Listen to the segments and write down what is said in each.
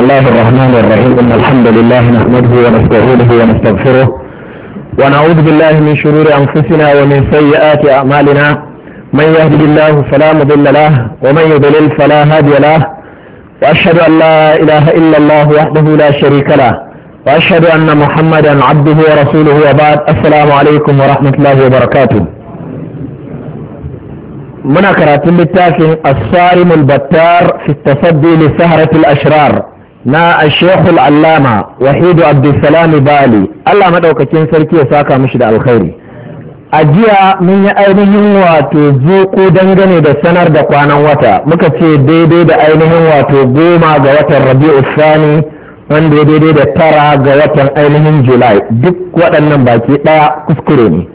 الله الرحمن الرحيم إن الحمد لله نحمده ونستعينه ونستغفره ونعوذ بالله من شرور أنفسنا ومن سيئات أعمالنا من يهدي الله فلا مضل له ومن يضلل فلا هادي له وأشهد أن لا إله إلا الله وحده لا شريك له وأشهد أن محمدا عبده ورسوله وبعد السلام عليكم ورحمة الله وبركاته منكرات karatun الصارم البتار في التصدي لسهرة الأشرار na ashehul allama wahidu abdulsalami bali allah maɗaukacin sarki ya saka mishi da alkhairi a jiya mun yi ainihin wato zuku dangane da sanar da kwanan wata muka ce daidai da ainihin wato goma ga watan rabi'u sani wanda ya daidai da tara ga watan ainihin julai duk waɗannan baki ɗaya kuskure ne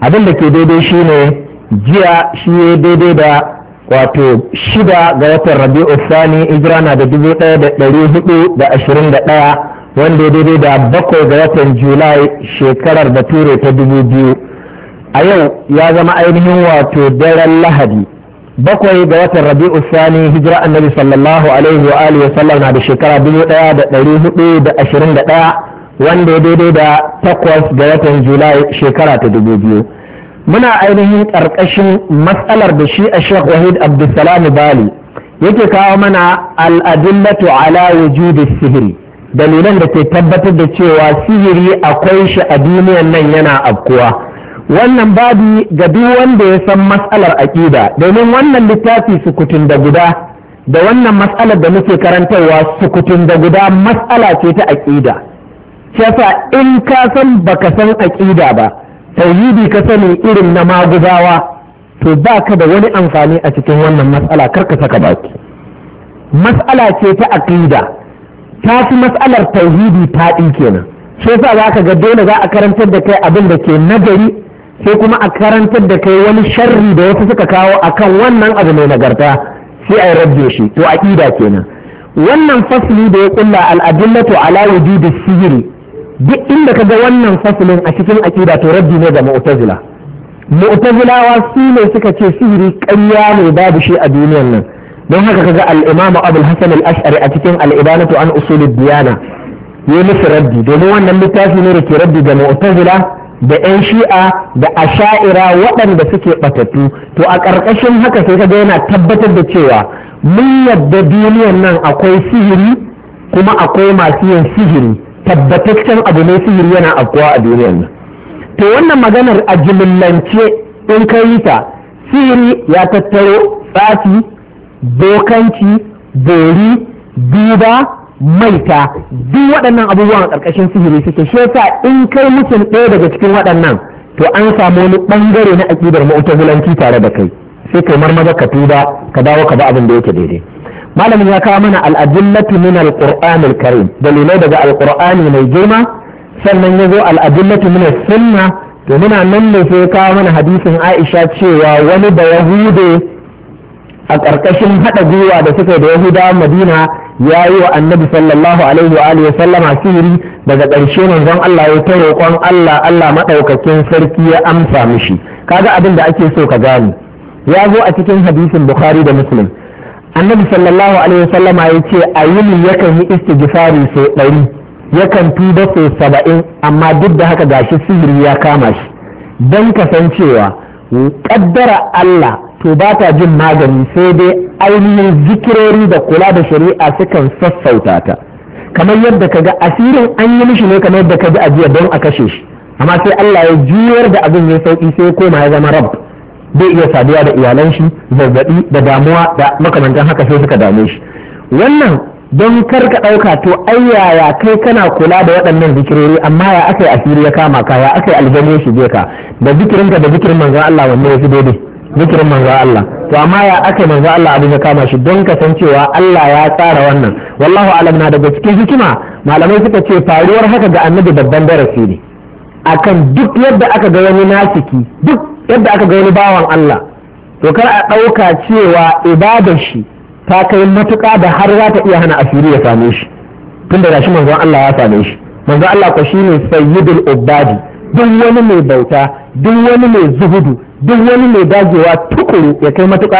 abin da ke daidai shine jiya shi daidai da wato shida ga watan rabi'u sani hijira na da dubu ɗaya da ɗari hudu da ashirin da ɗaya wanda daidai da bakwai ga watan julai shekarar da ture ta dubu biyu a yau ya zama ainihin wato daren lahadi bakwai ga watan rabi'u sani hijira annabi sallallahu alaihi wa alihi sallam na da shekara dubu ɗaya da ɗari hudu da ashirin da ɗaya wanda daidai da takwas ga watan julai shekara ta dubu biyu muna ainihin ƙarƙashin matsalar da shi a Sheikh Wahid Abdulsalam Bali yake kawo mana al'adillatu ala wujudi sihiri dalilan da ke tabbatar da cewa sihiri akwai shi a duniyan nan yana afkuwa wannan babi ga duk wanda ya san matsalar aƙida domin wannan littafi sukutun da guda da wannan matsalar da muke karantarwa sukutun da guda matsala ce ta aƙida shi in ka san baka san aƙida ba tauhidi ka sani irin na maguzawa to ba ka da wani amfani a cikin wannan matsala kar ka saka baki matsala ce ta aqida ta fi matsalar tauhidi ta faɗi kenan shi sa za ka ga dole za a karantar da kai abin da ke nagari sai kuma a karantar da kai wani sharri da wasu suka kawo akan wannan abu mai nagarta sai a rabje shi to aqida kenan wannan fasli da ya kulla al-adillatu ala wujudi sihiri duk inda kaga wannan fasulin a cikin aƙida to raddi ne ga mu'tazila mu'tazilawa su ne suka ce sihiri ƙarya ne babu shi a duniyar nan don haka kaga al-imamu abul hasan al-ash'ari a cikin al-ibanatu an usulid diyana ya musu raddi domin wannan littafi ne da ke raddi ga mu'tazila da 'yan shi'a da asha'ira waɗanda suke batattu to a ƙarƙashin haka sai kaga yana tabbatar da cewa mun yadda duniyar nan akwai sihiri kuma akwai masu yin sihiri tabbataccen abu ne sihiri yana afkuwa a duniyar nan to wannan maganar a jimillance in ka yi ta sihiri ya tattaro tsafi bokanci bori duba maita duk waɗannan abubuwan a ƙarƙashin sihiri suke shi yasa in kai mutum ɗaya daga cikin waɗannan to an samu wani ɓangare na aƙidar hulanci tare da kai sai kai marmaza ka tuba ka dawo ka ba abin da yake daidai malamin ya kawo mana al'adillatu min al-qur'an al-karim dalilai daga al-qur'ani mai girma sannan ya zo al'adillatu min sunna to muna nan ne sai kawo mana hadisin Aisha cewa wani da yahude a ƙarƙashin haɗa gwiwa da suka da yahudawa madina ya yi wa annabi sallallahu alaihi wa alihi sallama sihiri daga ƙarshe manzon Allah ya ta roƙon Allah Allah maɗaukakin sarki ya amsa mishi kaga abin da ake so ka gane ya zo a cikin hadisin Bukhari da Muslim annabi sallallahu alaihi wasallam ya ce a yakan yi istighfari sau ɗari yakan tuba sai saba'in amma duk da haka gashi sihiri ya kama shi don kasancewa kaddara Allah to ba ta jin magani sai dai ainihin zikirori da kula da shari'a sukan sassauta ta kamar yadda ka ga asirin an yi mishi ne kamar yadda ka ji ajiya don a kashe shi amma sai Allah ya juyar da abin ya sauki sai koma ya zama rabu Zai iya saduwa da iyalan shi zazzabi da damuwa da makamantan haka sai suka dame shi wannan don kar ka ɗauka to ai yaya kai kana kula da waɗannan zikirori amma ya aka yi asiri ya kama ka ya aka yi aljanu shi ka da zikirin ka da zikirin manzon Allah wanne ya fi daidai zikirin manzon Allah to amma ya aka yi manzon Allah abin ya kama shi don ka san cewa Allah ya tsara wannan wallahu alam na daga cikin hikima malamai suka ce faruwar haka ga annabi babban darasi ne akan duk yadda aka ga wani nasiki duk yadda aka ga wani bawan Allah to kar a ɗauka cewa ibadar shi ta kai matuƙa da har za ta iya hana asiri ya same shi tunda gashi manzon Allah ya same shi manzon Allah ko shine sayyidul ubadi duk wani mai bauta duk wani mai zuhudu duk wani mai dagewa tukuru ya kai matuƙa